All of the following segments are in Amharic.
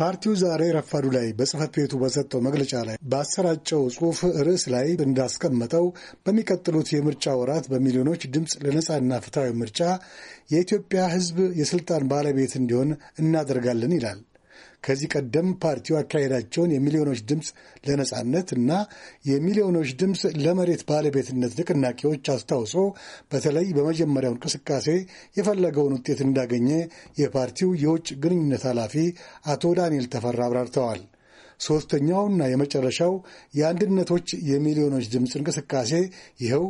ፓርቲው ዛሬ ረፋዱ ላይ በጽህፈት ቤቱ በሰጠው መግለጫ ላይ ባሰራጨው ጽሑፍ ርዕስ ላይ እንዳስቀመጠው በሚቀጥሉት የምርጫ ወራት በሚሊዮኖች ድምፅ ለነፃና ፍትሐዊ ምርጫ የኢትዮጵያ ሕዝብ የስልጣን ባለቤት እንዲሆን እናደርጋለን ይላል። ከዚህ ቀደም ፓርቲው ያካሄዳቸውን የሚሊዮኖች ድምፅ ለነጻነት እና የሚሊዮኖች ድምፅ ለመሬት ባለቤትነት ንቅናቄዎች አስታውሶ በተለይ በመጀመሪያው እንቅስቃሴ የፈለገውን ውጤት እንዳገኘ የፓርቲው የውጭ ግንኙነት ኃላፊ አቶ ዳንኤል ተፈራ አብራርተዋል። ሦስተኛውና የመጨረሻው የአንድነቶች የሚሊዮኖች ድምፅ እንቅስቃሴ ይኸው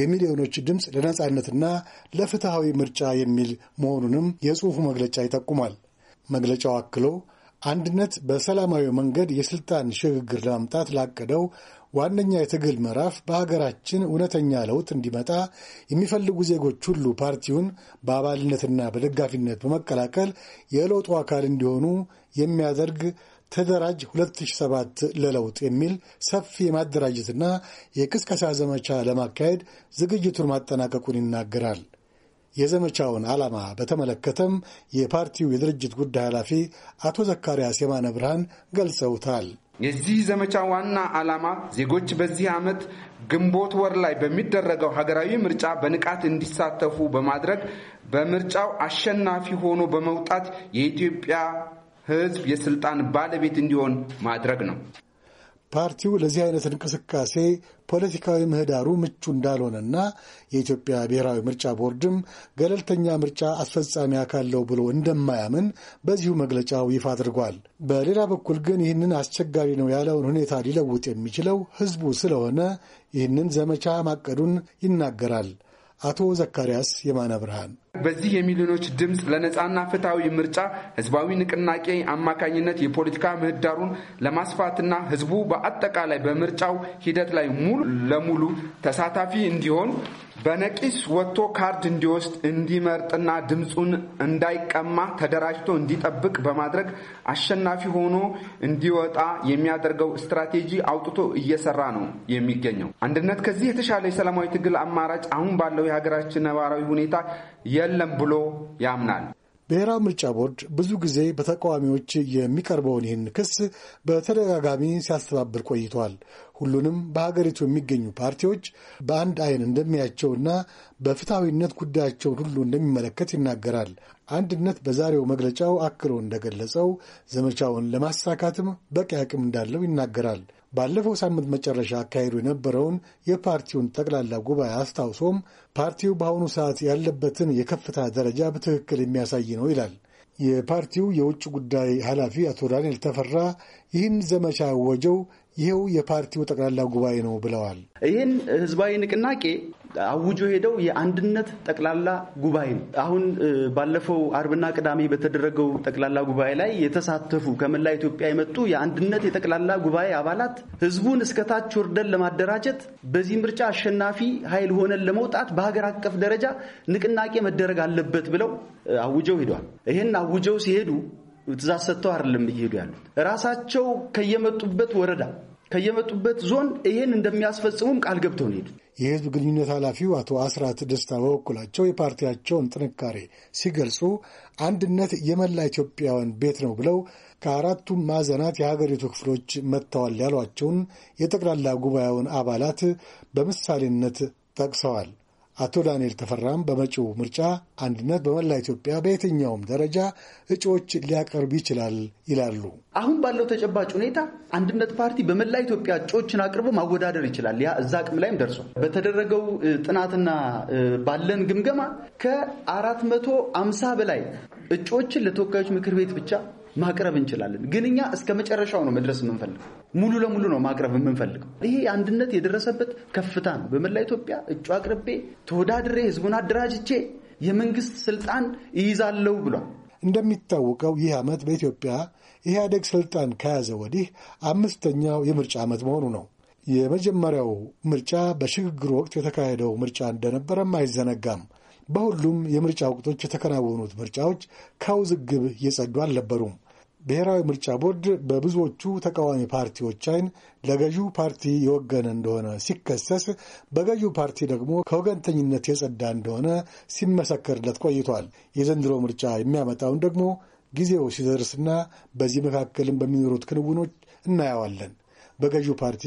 የሚሊዮኖች ድምፅ ለነጻነትና ለፍትሐዊ ምርጫ የሚል መሆኑንም የጽሑፉ መግለጫ ይጠቁማል። መግለጫው አክሎ አንድነት በሰላማዊ መንገድ የስልጣን ሽግግር ለማምጣት ላቀደው ዋነኛ የትግል ምዕራፍ በሀገራችን እውነተኛ ለውጥ እንዲመጣ የሚፈልጉ ዜጎች ሁሉ ፓርቲውን በአባልነትና በደጋፊነት በመቀላቀል የለውጡ አካል እንዲሆኑ የሚያደርግ ተደራጅ 2007 ለለውጥ የሚል ሰፊ የማደራጀትና የቅስቀሳ ዘመቻ ለማካሄድ ዝግጅቱን ማጠናቀቁን ይናገራል። የዘመቻውን ዓላማ በተመለከተም የፓርቲው የድርጅት ጉዳይ ኃላፊ አቶ ዘካርያስ የማነ ብርሃን ገልጸውታል። የዚህ ዘመቻ ዋና ዓላማ ዜጎች በዚህ ዓመት ግንቦት ወር ላይ በሚደረገው ሀገራዊ ምርጫ በንቃት እንዲሳተፉ በማድረግ በምርጫው አሸናፊ ሆኖ በመውጣት የኢትዮጵያ ሕዝብ የስልጣን ባለቤት እንዲሆን ማድረግ ነው። ፓርቲው ለዚህ አይነት እንቅስቃሴ ፖለቲካዊ ምህዳሩ ምቹ እንዳልሆነና የኢትዮጵያ ብሔራዊ ምርጫ ቦርድም ገለልተኛ ምርጫ አስፈጻሚ አካል ነው ብሎ እንደማያምን በዚሁ መግለጫው ይፋ አድርጓል። በሌላ በኩል ግን ይህንን አስቸጋሪ ነው ያለውን ሁኔታ ሊለውጥ የሚችለው ህዝቡ ስለሆነ ይህንን ዘመቻ ማቀዱን ይናገራል። አቶ ዘካርያስ የማነ ብርሃን በዚህ የሚሊዮኖች ድምፅ ለነፃና ፍትሐዊ ምርጫ ህዝባዊ ንቅናቄ አማካኝነት የፖለቲካ ምህዳሩን ለማስፋትና ህዝቡ በአጠቃላይ በምርጫው ሂደት ላይ ሙሉ ለሙሉ ተሳታፊ እንዲሆን በነቂስ ወጥቶ ካርድ እንዲወስድ እንዲመርጥና ድምፁን እንዳይቀማ ተደራጅቶ እንዲጠብቅ በማድረግ አሸናፊ ሆኖ እንዲወጣ የሚያደርገው ስትራቴጂ አውጥቶ እየሰራ ነው የሚገኘው። አንድነት ከዚህ የተሻለ የሰላማዊ ትግል አማራጭ አሁን ባለው የሀገራችን ነባራዊ ሁኔታ አይደለም ብሎ ያምናል። ብሔራዊ ምርጫ ቦርድ ብዙ ጊዜ በተቃዋሚዎች የሚቀርበውን ይህን ክስ በተደጋጋሚ ሲያስተባብል ቆይቷል። ሁሉንም በሀገሪቱ የሚገኙ ፓርቲዎች በአንድ አይን እንደሚያቸውና በፍትሐዊነት ጉዳያቸውን ሁሉ እንደሚመለከት ይናገራል። አንድነት በዛሬው መግለጫው አክሎ እንደገለጸው ዘመቻውን ለማሳካትም በቂ አቅም እንዳለው ይናገራል። ባለፈው ሳምንት መጨረሻ አካሄዱ የነበረውን የፓርቲውን ጠቅላላ ጉባኤ አስታውሶም ፓርቲው በአሁኑ ሰዓት ያለበትን የከፍታ ደረጃ በትክክል የሚያሳይ ነው ይላል። የፓርቲው የውጭ ጉዳይ ኃላፊ አቶ ዳንኤል ተፈራ ይህን ዘመቻ ያወጀው ይኸው የፓርቲው ጠቅላላ ጉባኤ ነው ብለዋል። ይህን ህዝባዊ ንቅናቄ አውጆ ሄደው የአንድነት ጠቅላላ ጉባኤ ነው። አሁን ባለፈው አርብና ቅዳሜ በተደረገው ጠቅላላ ጉባኤ ላይ የተሳተፉ ከመላ ኢትዮጵያ የመጡ የአንድነት የጠቅላላ ጉባኤ አባላት ህዝቡን እስከታች ወርደን ለማደራጀት በዚህ ምርጫ አሸናፊ ኃይል ሆነን ለመውጣት በሀገር አቀፍ ደረጃ ንቅናቄ መደረግ አለበት ብለው አውጀው ሄደዋል። ይህን አውጀው ሲሄዱ ትእዛዝ ሰጥተው አይደለም እየሄዱ ያሉት ራሳቸው ከየመጡበት ወረዳ ከየመጡበት ዞን ይህን እንደሚያስፈጽሙም ቃል ገብተው ነው ሄዱ። የህዝብ ግንኙነት ኃላፊው አቶ አስራት ደስታ በበኩላቸው የፓርቲያቸውን ጥንካሬ ሲገልጹ አንድነት የመላ ኢትዮጵያውያን ቤት ነው ብለው ከአራቱም ማዕዘናት የሀገሪቱ ክፍሎች መጥተዋል ያሏቸውን የጠቅላላ ጉባኤውን አባላት በምሳሌነት ጠቅሰዋል። አቶ ዳንኤል ተፈራም በመጪው ምርጫ አንድነት በመላ ኢትዮጵያ በየትኛውም ደረጃ እጩዎች ሊያቀርብ ይችላል ይላሉ። አሁን ባለው ተጨባጭ ሁኔታ አንድነት ፓርቲ በመላ ኢትዮጵያ እጩዎችን አቅርቦ ማወዳደር ይችላል። ያ እዛ አቅም ላይም ደርሶ በተደረገው ጥናትና ባለን ግምገማ ከአራት መቶ አምሳ በላይ እጩዎችን ለተወካዮች ምክር ቤት ብቻ ማቅረብ እንችላለን። ግን እኛ እስከ መጨረሻው ነው መድረስ የምንፈልገው፣ ሙሉ ለሙሉ ነው ማቅረብ የምንፈልገው። ይሄ አንድነት የደረሰበት ከፍታ ነው። በመላ ኢትዮጵያ እጩ አቅርቤ ተወዳድሬ ህዝቡን አደራጅቼ የመንግስት ስልጣን እይዛለሁ ብሏል። እንደሚታወቀው ይህ ዓመት በኢትዮጵያ ኢህአዴግ ስልጣን ከያዘ ወዲህ አምስተኛው የምርጫ ዓመት መሆኑ ነው። የመጀመሪያው ምርጫ በሽግግር ወቅት የተካሄደው ምርጫ እንደነበረም አይዘነጋም። በሁሉም የምርጫ ወቅቶች የተከናወኑት ምርጫዎች ከውዝግብ እየጸዱ አልነበሩም። ብሔራዊ ምርጫ ቦርድ በብዙዎቹ ተቃዋሚ ፓርቲዎች አይን ለገዢው ፓርቲ የወገነ እንደሆነ ሲከሰስ፣ በገዢው ፓርቲ ደግሞ ከወገንተኝነት የጸዳ እንደሆነ ሲመሰከርለት ቆይቷል። የዘንድሮ ምርጫ የሚያመጣውን ደግሞ ጊዜው ሲደርስና በዚህ መካከልም በሚኖሩት ክንውኖች እናየዋለን። በገዢው ፓርቲ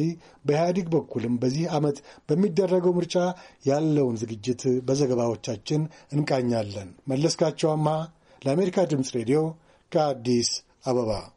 በኢህአዲግ በኩልም በዚህ ዓመት በሚደረገው ምርጫ ያለውን ዝግጅት በዘገባዎቻችን እንቃኛለን። መለስካቸው አምሃ ለአሜሪካ ድምፅ ሬዲዮ ከአዲስ अभवा